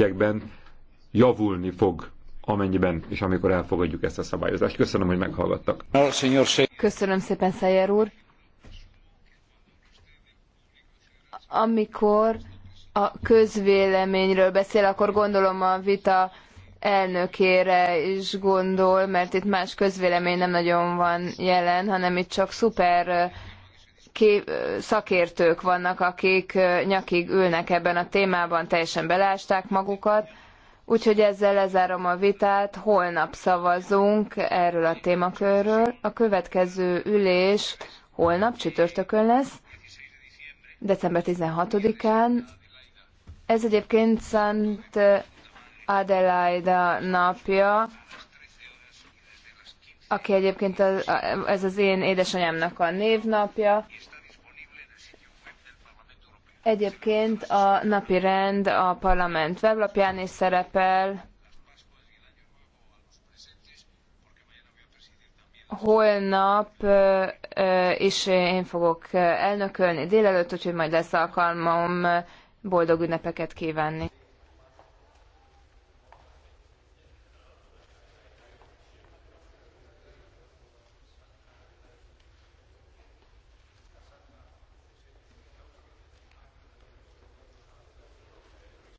ügyekben javulni fog amennyiben és amikor elfogadjuk ezt a szabályozást. Köszönöm, hogy meghallgattak. Köszönöm szépen, Szeyer úr. Amikor a közvéleményről beszél, akkor gondolom a vita elnökére is gondol, mert itt más közvélemény nem nagyon van jelen, hanem itt csak szuper kép, szakértők vannak, akik nyakig ülnek ebben a témában, teljesen belásták magukat. Úgyhogy ezzel lezárom a vitát, holnap szavazunk erről a témakörről. A következő ülés holnap csütörtökön lesz, december 16-án. Ez egyébként Szent Adelaida napja, aki egyébként az, ez az én édesanyámnak a névnapja. Egyébként a napi rend a parlament weblapján is szerepel. Holnap is én fogok elnökölni délelőtt, úgyhogy majd lesz alkalmam boldog ünnepeket kívánni.